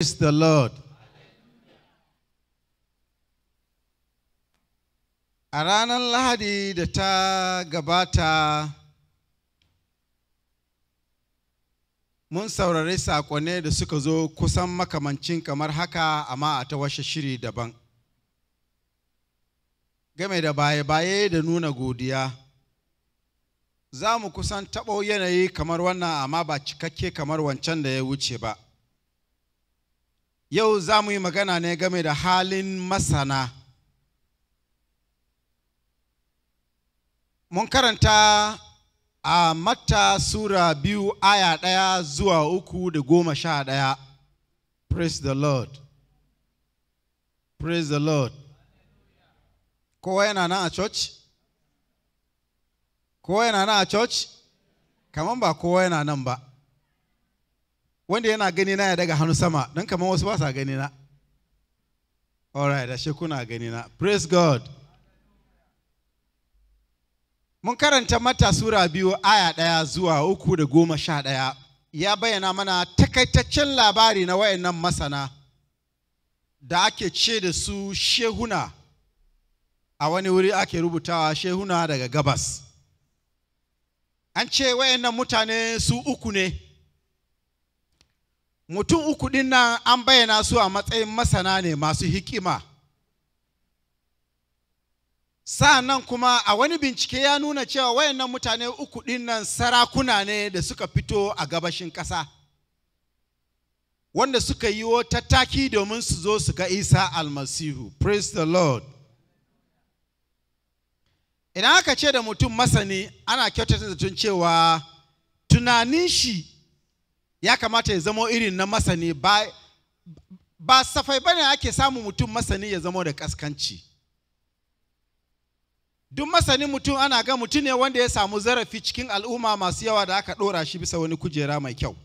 Praise the Lord. A ranar Lahadi da ta gabata mun saurari saƙonne da suka zo kusan makamancin kamar haka amma a ta washe shiri daban. Game da baye-baye da nuna godiya, za mu kusan taɓo yanayi kamar wannan amma ba cikakke kamar wancan da ya wuce ba. Yau za mu yi magana ne game da halin masana. Mun karanta a Matta Sura biyu aya ɗaya zuwa uku da goma sha ɗaya. Praise the Lord. Praise the Lord. Kowa yana nan a church? Kowa yana nan a church? Kamar ba kowa yana nan ba. wanda yana gani na ya daga hannu sama don kamar wasu ba sa gani na alright ashe kuna gani na praise god mun karanta mata sura biyu aya ɗaya zuwa uku da goma sha ɗaya ya bayyana mana takaitaccen labari na wayannan masana da ake ce da su shehuna a wani wuri ake rubutawa shehuna daga gabas an ce wayannan mutane su uku ne mutum uku ɗin nan an bayyana su a matsayin masana ne masu hikima sa'annan kuma a wani bincike ya nuna cewa wayannan mutane uku ɗin nan sarakuna ne da suka fito a gabashin ƙasa wanda suka yi tattaki domin su zo su ga isa almasihu praise the lord idan aka ce da mutum masani ana kyautata zaton cewa tunanin shi ya kamata ya zamo irin na masani ba ba safai bane ake samun mutum masani ya zamo da kaskanci duk masani mutum ana ga mutum ne wanda ya samu zarafi cikin al'umma masu yawa da aka ɗora shi bisa wani kujera mai kyau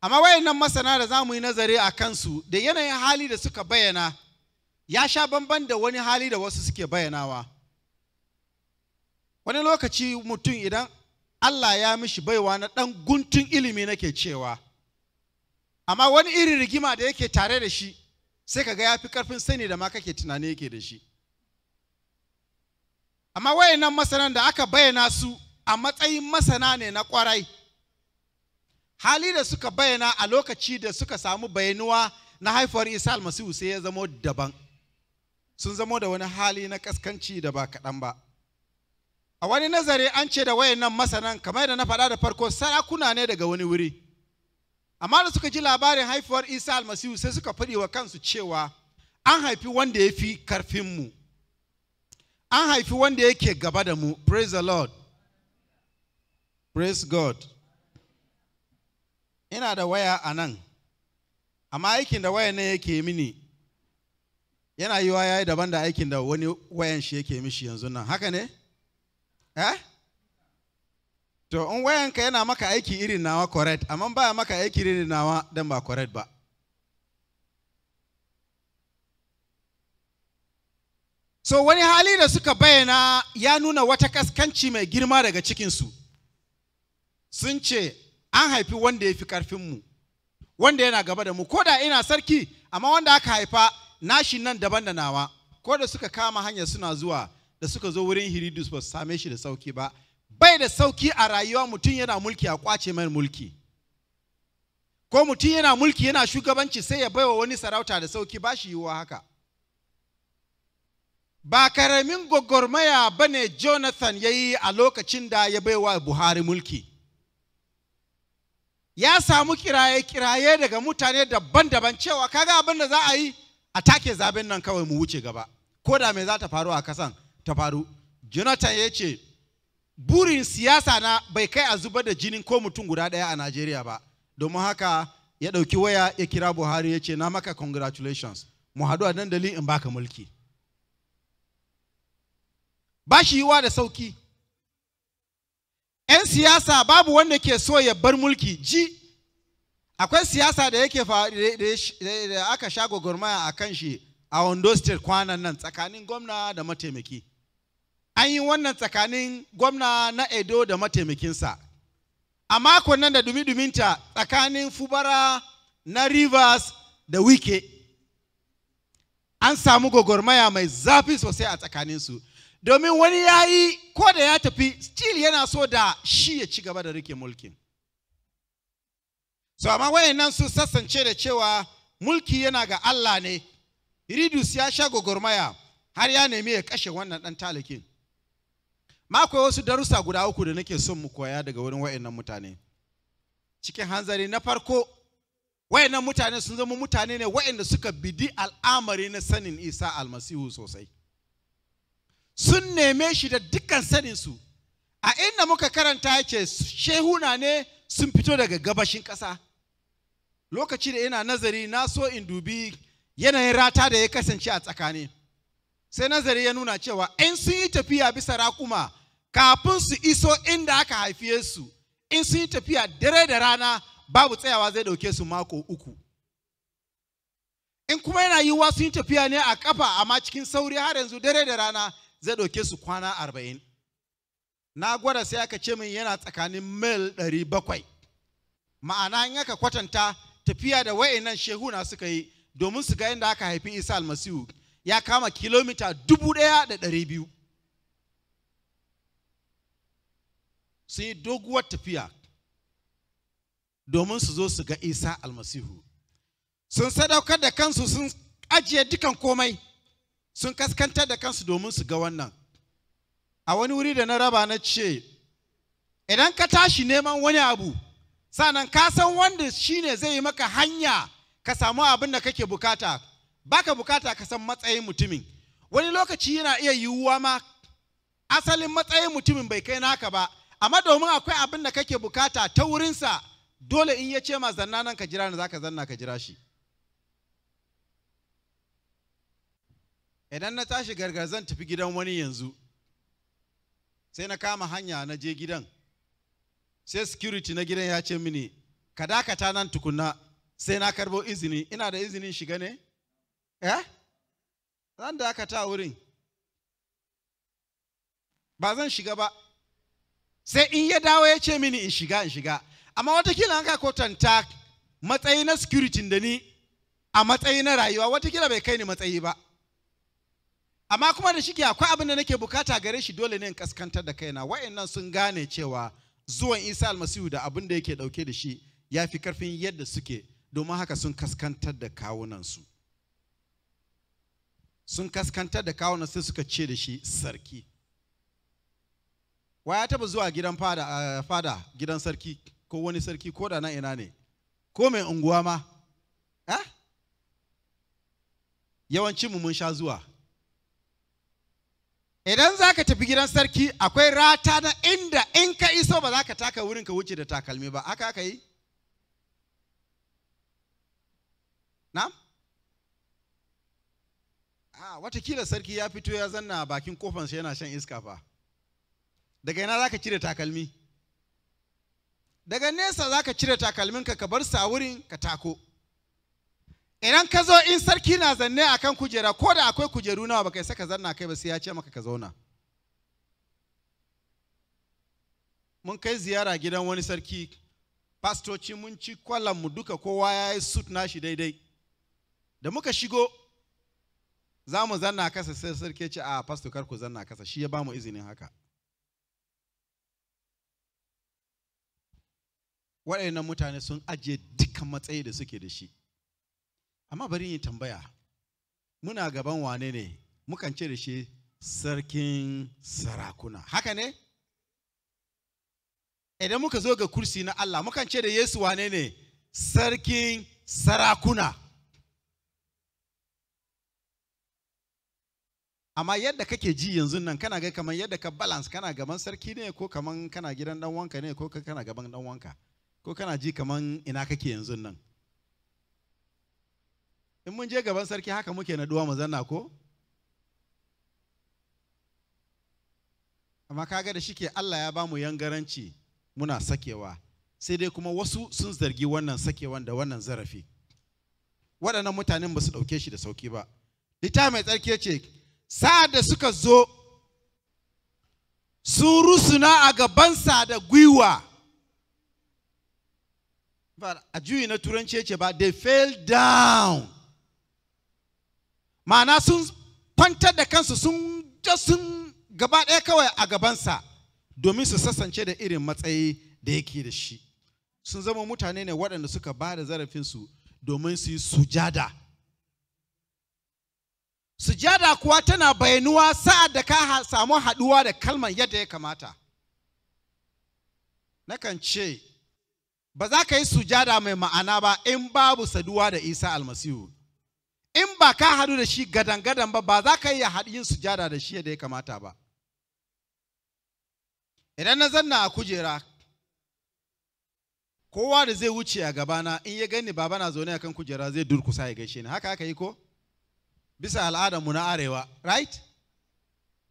amma wayannan masana da za mu yi nazari a kansu da yanayin hali da suka bayyana ya sha bamban da wani hali da wasu suke bayyanawa wani lokaci mutum idan Allah ya mishi baiwa na ɗan guntun ilimi nake cewa amma wani irin rigima da yake tare da shi sai ka ga ya fi ƙarfin sani da ma kake tunani yake da shi amma wayannan masanan da aka bayyana su a matsayin masana ne na kwarai hali da suka bayyana a lokaci da suka samu bayanuwa na haifar isa almasihu sai ya zamo daban sun zamo da wani hali na kaskanci da ba kaɗan ba a wani nazari an ce da wayannan masanan kamar da na faɗa da farko sarakuna ne daga wani wuri amma da suka ji labarin haifuwar isa almasihu sai suka faɗi wa kansu cewa an haifi wanda ya fi karfinmu an haifi wanda yake gaba da mu praise the lord praise god ina da waya a nan amma aikin da wayan nan yake mini yana yiwa ya yi daban da aikin da wani wayan shi yake mishi yanzu nan haka ne Eh? to in wayanka yana maka aiki irin nawa correct amma baya maka aiki irin nawa don ba correct ba so wani hali da suka bayyana ya nuna wata kaskanci mai girma daga cikinsu sun ce an haifi wanda ya fi ƙarfinmu wanda yana gaba da mu ko da ina sarki amma wanda aka haifa nashi nan daban da nawa ko da suka kama hanya suna zuwa da suka zo wurin Hiridus ba same shi da sauki ba bai da sauki a rayuwa mutum yana mulki a kwace mai mulki ko mutum yana mulki yana shugabanci sai ya baiwa wani sarauta da sauki ba shi yiwuwa haka ba karamin gwagwarmaya ba ne jonathan ya yi a lokacin da ya baiwa buhari mulki ya samu kiraye-kiraye daga mutane daban-daban cewa kaga abin da za a yi a take zaben nan kawai mu wuce gaba ko da me za ta faru a kasan ta faru jonathan ya ce burin siyasa na bai kai a zubar da jinin ko mutum guda ɗaya a najeriya ba domin haka ya ɗauki waya ya kira buhari ya ce na maka congratulations mu haɗu a dandali in baka mulki ba shi yiwa da sauki 'yan siyasa babu wanda ke so ya bar mulki ji akwai siyasa da yake da aka sha gwagwarmaya a kan shi a wando State kwanan nan tsakanin gwamna da mataimaki an yi wannan tsakanin gwamna na edo da mataimakinsa a makon nan da dumi-duminta tsakanin fubara na rivers da wike an samu gwagwarmaya mai zafi sosai a tsakaninsu domin wani ya yi ko da ya tafi still yana so da shi ya ci gaba da rike mulkin so amma wayannan su sassance da cewa mulki yana ga allah ne ridus ya sha gwagwarmaya har ya nemi ya kashe wannan ɗan talakin ma wasu darussa guda uku da nake son mu koya daga wurin wa'annan mutane cikin hanzari na farko wa'annan mutane sun zama mutane ne wa'anda suka bidi al'amari na sanin isa almasihu sosai sun neme shi da dukkan saninsu a inda muka karanta yake shehuna ne sun fito daga gabashin ƙasa lokaci da yana nazari na so in dubi yanayin rata da ya kasance a tsakani sai nazari ya nuna cewa in sun yi tafiya bisa raƙuma kafin su iso inda aka haife su in sun yi tafiya dare da rana babu tsayawa zai ɗauke su mako uku in kuma yana yiwuwa sun yi tafiya ne a kafa amma cikin sauri har yanzu dare da rana zai ɗauke su kwana arba'in na gwada sai aka ce min yana tsakanin mil ɗari bakwai ma'ana in aka kwatanta tafiya da shehu shehuna suka yi domin su ga inda aka haifi isa almasihu ya kama kilomita dubu ɗaya da ɗari biyu sun yi doguwar tafiya domin su zo su ga isa almasihu sun sadaukar da kansu sun ajiye dukan komai sun kaskantar da kansu domin su ga wannan a wani wuri da na raba na ce idan ka tashi neman wani abu sanan ka san wanda shine zai yi maka hanya ka samu abin da kake bukata baka bukata ka san matsayin mutumin wani lokaci yana iya yiwuwa ma asalin matsayin mutumin bai kai naka ba amma domin akwai abin da kake bukata ta wurinsa dole in ya ce ma zanna nan ka jira ni za ka zanna ka jira shi idan na tashi gargar zan tafi gidan wani yanzu sai na kama hanya na je gidan sai security na gidan ya ce mini ka dakata nan tukuna sai na karbo izini ina da izinin shiga ne eh zan dakata wurin ba zan shiga ba sai in ya dawo ya ce mini in shiga in shiga amma watakila an ka kwatanta matsayi na security da ni a matsayi na rayuwa watakila bai kai ni matsayi ba amma kuma da shike akwai abin da nake bukata gare shi dole ne in kaskantar da kaina wayannan sun gane cewa zuwan Isa almasihu da abin da yake dauke da shi ya fi karfin yadda suke domin haka sun kaskantar da kawunansu sun kaskantar da kawunan sai suka ce da shi sarki wa ya taba zuwa gidan fada fada gidan sarki ko wani sarki ko da na ina ne ko mai unguwa ma eh yawancin mu mun sha zuwa idan za ka tafi gidan sarki akwai rata na inda in ka iso ba za ka taka wurin ka wuce da takalmi ba aka aka yi na? a ah, watakila sarki ya fito ya zanna bakin kofan shi yana shan iska fa daga yana za ka cire takalmi daga nesa za ka cire takalminka ka bar sa wurin ka tako idan ka zo in sarki na zanne a kan kujera ko da akwai kujeru nawa baka isa ka zanna kai ba sai ya ce maka ka zauna mun kai ziyara gidan wani sarki fastoci mun ci mu duka kowa ya yi sut nashi daidai da muka shigo za mu zanna kasa sai sarki ce a fasto kar ku zanna kasa shi ya ba mu izinin haka waɗannan mutane sun ajiye dukkan matsayi da suke da shi amma bari yi tambaya muna gaban wane ne mukan ce da shi sarkin sarakuna haka ne idan muka zo ga kursi na Allah mukan ce da Yesu wane ne sarkin sarakuna amma yadda kake ji yanzu nan kana ga kamar yadda ka balance kana gaban sarki ne ko kaman kana gidan dan wanka ne ko kana gaban dan wanka ko kana ji kaman ina kake yanzu nan in mun je gaban sarki haka muke naduwa mu zanna ko amma kaga da shike Allah ya bamu yangaranci muna sakewa sai dai kuma wasu sun zargi wannan sakewan da wannan zarafi waɗannan mutanen ba su ɗauke shi da sauki ba lita mai tsarki ce sa'ad da suka zo su rusuna a gaban sa da gwiwa a juyi na turanci ce ba they fell down ma'ana sun kwantar da kansu sun ja sun gaba ɗaya kawai a gabansa domin su sasance da irin matsayi da yake da shi sun zama mutane ne waɗanda suka ba da zarafinsu domin su yi sujada sujada kuwa tana bayanuwa sa'ad da ka samu haɗuwa da kalmar yadda ya kamata nakan ce ba za ka yi sujada mai ma'ana ba in babu saduwa da isa almasihu in ba ka hadu da shi gadan-gadan ba ba za ka yi yin sujada da shi yadda ya kamata ba idan na zanna a kujera kowa da zai wuce a gabana in ya gani baba na zaune akan kujera zai durkusa ya gaishe ni haka aka yi ko bisa al'adarmu na arewa right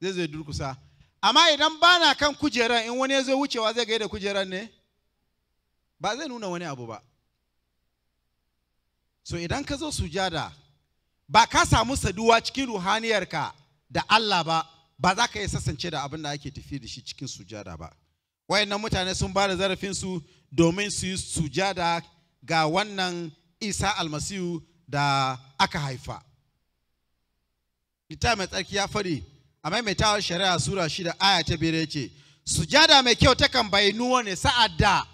zai zai durkusa amma idan bana kan kujeran in wani ya zo wucewa zai gaida kujeran ne ba zai nuna wani abu ba so idan ka zo sujada ba ka samu saduwa cikin ruhaniyarka da Allah ba ba za ka yi sasance da abin da ake tafi da shi cikin sujada ba wayannan mutane sun ba da zarafinsu domin su yi sujada ga wannan isa almasihu da aka haifa Ita mai tsarki ya fari a maimaitawar shari'a sura shida aya ta biyar ya ce sujada mai kyau takan bayyanuwa ne sa'ad da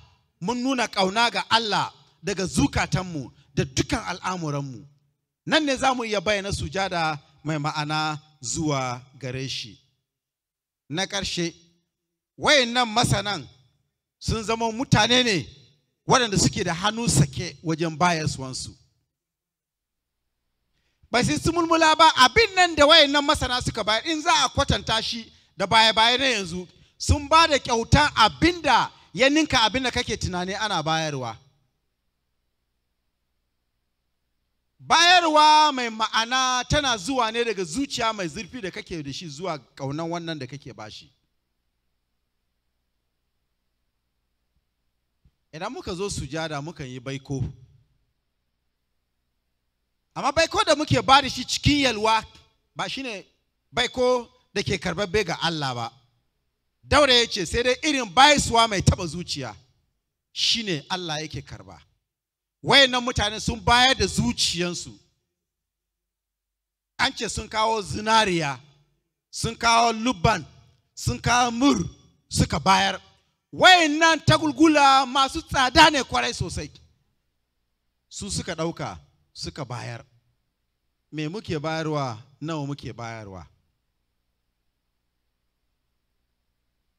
mun nuna ƙauna ga Allah daga zukatanmu da dukan al'amuranmu nan ne za mu iya bayyana sujada mai ma'ana zuwa gare shi na ƙarshe wayannan masanan sun zama mutane ne waɗanda suke da hannu sake wajen bayaswansu ba sai su mulmula ba abin nan da wayannan masana suka bayar in za a kwatanta shi da baya-baya na yanzu sun ba da kyautan abin da ya ninka abin da kake tunani ana bayarwa bayarwa mai ma'ana tana zuwa ne daga zuciya mai zurfi da kake da shi zuwa ƙaunan wannan da kake bashi idan muka zo sujada muka yi baiko amma baiko da muke ba da shi cikin yalwa ba shine baiko da ke karbabbe ga Allah ba daura ya ce sai dai irin baisuwa mai taba zuciya shine Allah yake karba wayannan mutane sun bayar da zuciyansu an ce sun kawo zinariya sun kawo lubban sun kawo mur suka bayar wayannan tagulgula masu tsada ne kwarai sosai su suka ɗauka suka bayar me muke bayarwa nawa muke bayarwa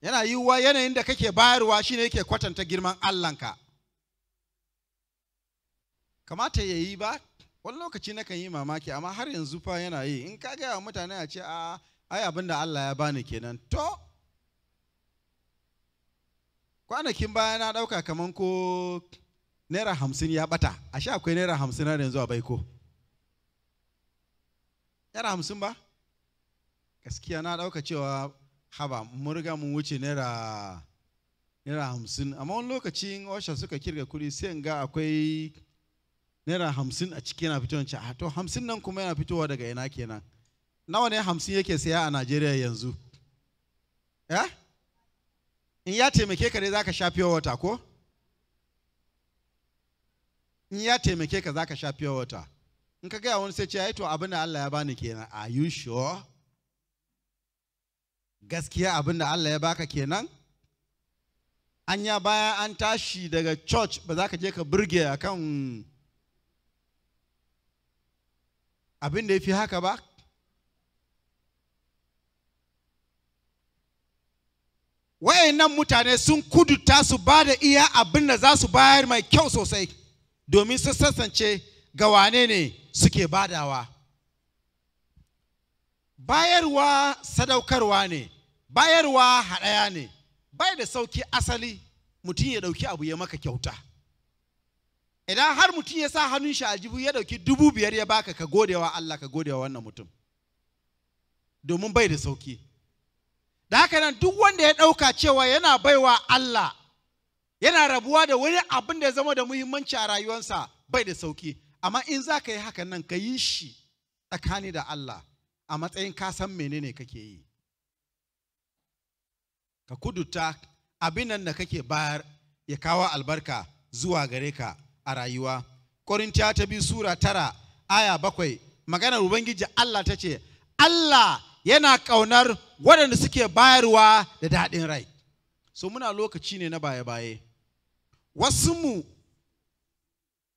yana yiwuwa yanayin da kake bayarwa shine yake kwatanta girman Allahnka kamata ya yi ba wani lokaci na kan yi mamaki amma har yanzu fa yana yi in ka gaya wa mutane a ce a ai abin da Allah ya bani kenan to kwanakin baya na ɗauka kamar ko naira hamsin ya ɓata a sha akwai naira hamsin har yanzu a baiko naira hamsin ba gaskiya na ɗauka cewa haba mun riga mun wuce naira naira hamsin amma wani lokacin osha suka kirga kuɗi sai ga akwai naira hamsin a ciki yana fitowa ce ah, to hamsin nan kuma yana fitowa daga ina kenan nawa ne hamsin yake saya a najeriya yanzu ya eh? in ya taimake ka dai za ka sha fiye wata ko in ya taimake ka za ka sha fiye wata in ka gaya wani sai ce ya yi to abin da allah ya bani kenan are you sure gaskiya abin da Allah ya baka kenan anya baya an tashi daga church ba za ka je ka burge kan abin da ya fi haka ba wayannan mutane sun kuduta su ba da iya abin da za su bayar mai kyau sosai domin su sassance ga wane ne suke badawa bayarwa sadaukarwa ne bayarwa haɗaya ne bai da sauki asali mutum ya ɗauki abu ya maka kyauta idan har mutum ya sa hannun shi aljibu ya ɗauki dubu biyar ya baka ka godewa Allah ka godewa wannan mutum domin bai da sauki da haka nan duk wanda ya ɗauka cewa yana baiwa Allah yana rabuwa da wani abin da ya zama da muhimmanci a rayuwarsa bai da sauki amma in za ka yi hakan nan ka yi shi tsakani da Allah a matsayin ka san menene kake yi ka kuduta abin nan da kake bayar ya kawo albarka zuwa gare ka a rayuwa korintiya ta biyu sura tara aya bakwai maganar ubangiji allah ta ce allah yana ƙaunar waɗanda suke bayarwa da daɗin rai so muna lokaci ne na baye-baye wasu mu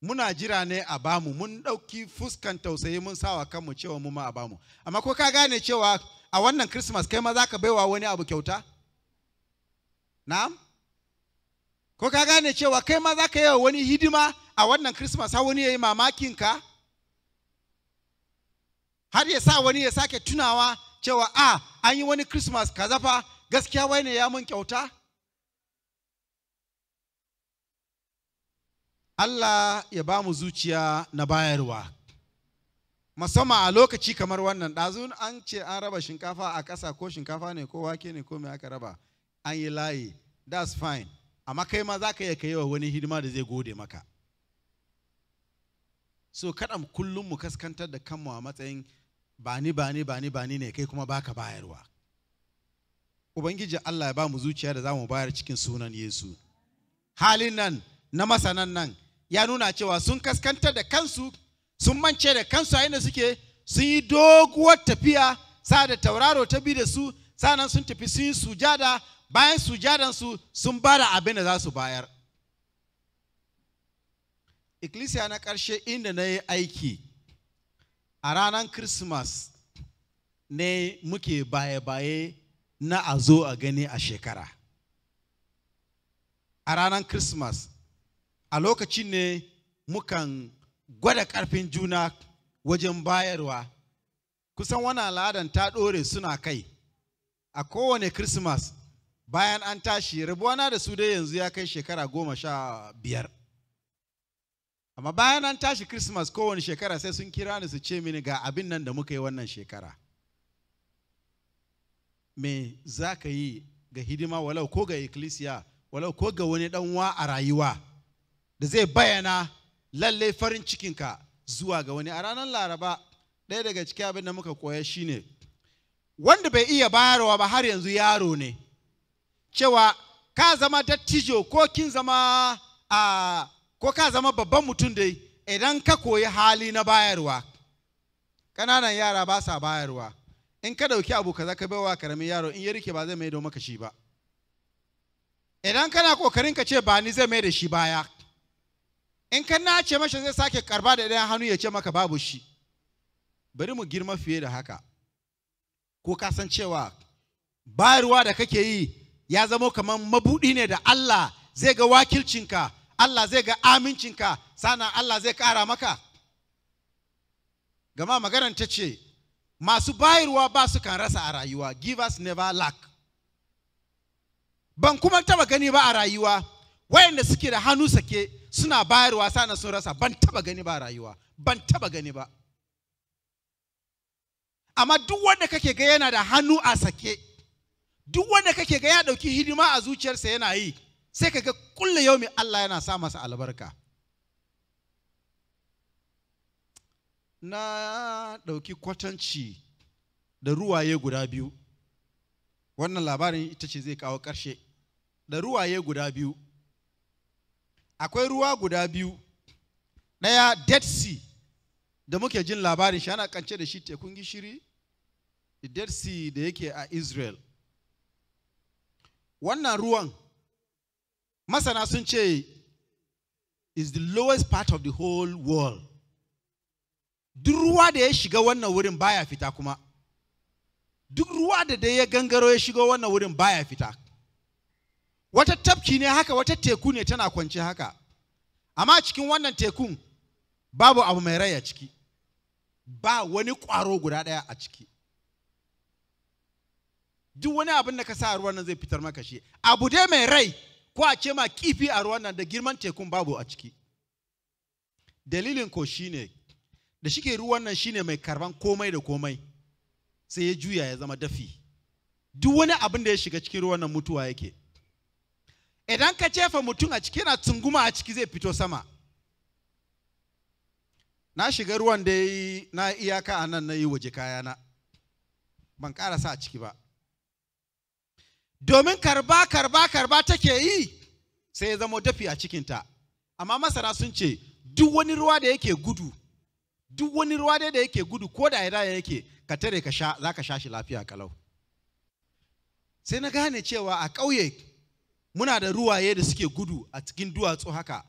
muna jira ne a bamu mun ɗauki fuskan tausayi mun sawa kanmu cewa mu ma a bamu amma ko ka gane cewa a wannan christmas kai ma za ka baiwa wani abu kyauta na'am ko ka gane cewa kai ma za ka yi wani hidima a wannan christmas har wani ya yi mamakin ka har ya sa wani ya sake tunawa cewa a ah, an yi wani christmas kaza fa gaskiya wai ne ya mun kyauta Allah ya ba mu zuciya na bayarwa musamman a lokaci kamar wannan ɗazu an ce an raba shinkafa a ƙasa ko shinkafa ne ko wake ne ko me aka raba an yi layi that's fine amma kai ma za ka iya kai wa wani hidima da zai gode maka so kaɗan kullum mu kaskantar da kanmu a matsayin bani bani bani bani ne kai kuma baka bayarwa ubangiji Allah ya ba mu zuciya da za mu bayar cikin sunan Yesu halin nan na masanan nan ya nuna cewa sun kaskantar da kansu sun mance da kansu a inda suke sun yi doguwar tafiya sa da tauraro ta bi da su sanan sun tafi sun yi sujada bayan sujadansu sun ba da abin da za su bayar ikkilisiya na ƙarshe inda na yi aiki a ranar christmas ne muke baye-baye na a zo a gani a shekara a ranar christmas a lokacin ne mukan gwada ƙarfin juna wajen bayarwa kusan wani al'adan ta ɗore suna kai a kowane christmas bayan an tashi rabuwana da su dai yanzu ya kai shekara goma sha biyar amma bayan an tashi christmas kowane shekara sai sun kira ni su ce mini ga abin nan da muka yi wannan shekara me za ka yi ga hidima walau ko ga ikkilisiya walau ko ga wani ɗanwa a rayuwa da zai bayyana lalle farin cikinka zuwa ga wani a ranar laraba ɗaya daga cikin abin da muka koya shine wanda bai iya bayarwa ba har yanzu yaro ne cewa ka zama dattijo ko kin zama a ko ka zama babban mutum dai idan ka koyi hali na bayarwa ƙananan yara ba sa bayarwa in ka ɗauki abu kaza ka baiwa karamin yaro in ya rike ba zai mai da shi ba idan kana ƙoƙarin ka ce ba ni zai mai da shi baya in ka nace masa zai sake karba da ɗayan hannu ya ce maka babu shi bari mu girma fiye da haka ko ka san cewa bayarwa da kake yi ya zamo kamar mabuɗi ne da Allah zai ga wakilcinka Allah zai ga amincinka sana Allah zai ƙara maka gama maganar ta ce masu bayarwa ba su kan rasa a rayuwa givers never lack ban kuma taba gani ba a rayuwa wayanda suke da hannu sake suna bayarwa sana sun rasa ban taba gani ba rayuwa ban taba gani ba amma duk wanda kake ga yana da hannu a sake duk wanda kake ga ya dauki hidima a zuciyarsa yana yi sai ka ga kullu yau Allah yana sa masa albarka na ɗauki kwatanci da ruwaye guda biyu wannan labarin ita ce zai kawo ƙarshe da ruwaye guda biyu akwai ruwa guda biyu ɗaya dead sea da muke jin labarin shi ana kance da shi tekun gishiri dead sea da yake a israel wannan ruwan masana sun ce is the lowest part of the whole world duk ruwa da ya shiga wannan wurin baya fita kuma duk ruwa da dai ya gangaro ya shiga wannan wurin baya fita wata tafki ne haka wata teku ne tana kwance haka amma cikin wannan tekun babu abu mai rai a ciki ba wani ƙwaro guda ɗaya a ciki duk wani abin da ka sa a ruwan nan zai fitar maka shi abu dai mai rai ko a ce ma kifi a ruwan nan da girman tekun babu a ciki dalilin ko shine da shike ruwan nan shine mai karban komai da komai sai ya juya ya zama dafi duk wani abin da ya shiga cikin ruwan nan mutuwa yake idan ka jefa mutum a ciki yana tsunguma a ciki zai fito sama na shiga ruwan da na iyaka a nan na yi waje kayana ban karasa a ciki ba domin karba karba karba take yi sai ya zama dafi a ta. amma masana sun ce duk wani ruwa da yake gudu duk wani ruwa dai da yake gudu ko da ya yake ka tare ka sha za ka sha shi lafiya kalau sai na gane cewa a kauye. muna da ruwaye da suke gudu a cikin duwatsu haka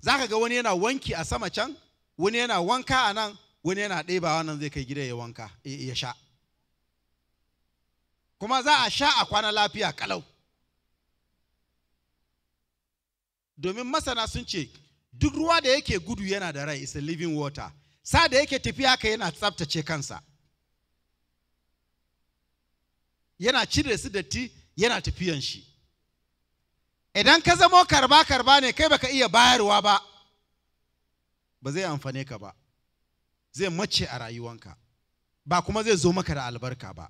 za ka ga wani yana wanki a sama can wani yana wanka a nan wani yana ɗebawa nan zai kai gida ya wanka ya sha kuma za a sha a kwana lafiya kalau domin masana sun ce duk ruwa da yake gudu yana da rai is a living water sa da yake tafiya haka yana tsaftace kansa yana cire su datti yana tafiyan shi idan ka zamo karba karba ne kai baka iya bayarwa ba ba zai amfane ka ba zai mace a rayuwanka ba kuma zai zo maka da albarka ba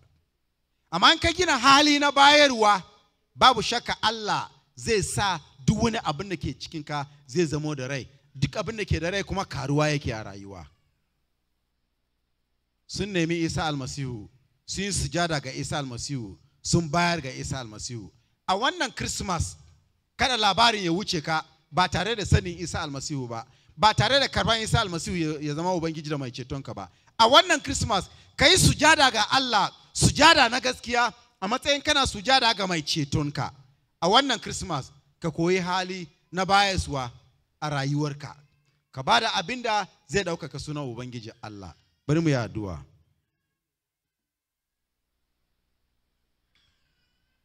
amma in ka gina hali na bayarwa babu shakka Allah zai sa duk wani abin da ke cikinka zai zamo da rai duk abin da ke da rai kuma karuwa yake a rayuwa sun nemi isa almasihu sun yi sujada ga isa almasihu sun bayar ga isa almasihu a wannan christmas kada labarin ya wuce ka ba tare da sanin isa almasihu ba ba tare da karban isa almasihu ya zama ubangiji da mai cetonka ba a wannan christmas ka yi sujada ga allah sujada na gaskiya a matsayin kana sujada ga mai ceton ka a wannan christmas ka koyi hali na bayaswa a rayuwarka ka ba da abin da zai ɗaukaka sunan ubangiji allah bari mu yi addu'a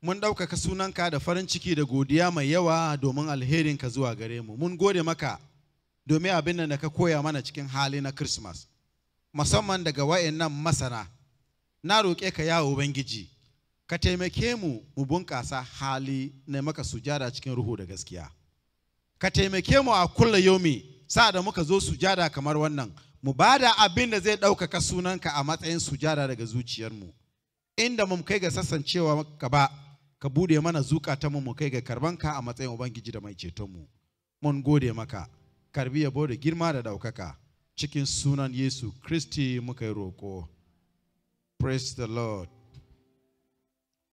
mun ɗaukaka sunanka da farin ciki da godiya mai yawa domin alherinka zuwa gare mu mun gode maka domin abin da ka koya mana cikin hali na Christmas musamman daga wayannan masana na roƙe ka yawo bangiji ka taimake mu mu bunƙasa hali na maka sujada cikin ruhu da gaskiya ka taimake mu a kulla yomi sa da muka zo sujada kamar wannan mu ba da abin da zai ɗaukaka sunanka a matsayin sujada daga zuciyarmu inda mu kai ga sassancewa ka ba ka bude mana ta mu kai ga ka a matsayin ubangiji da mai cetonmu mun gode maka karbi yabo da girma da ɗaukaka. cikin sunan yesu kristi muka yi roƙo praise the lord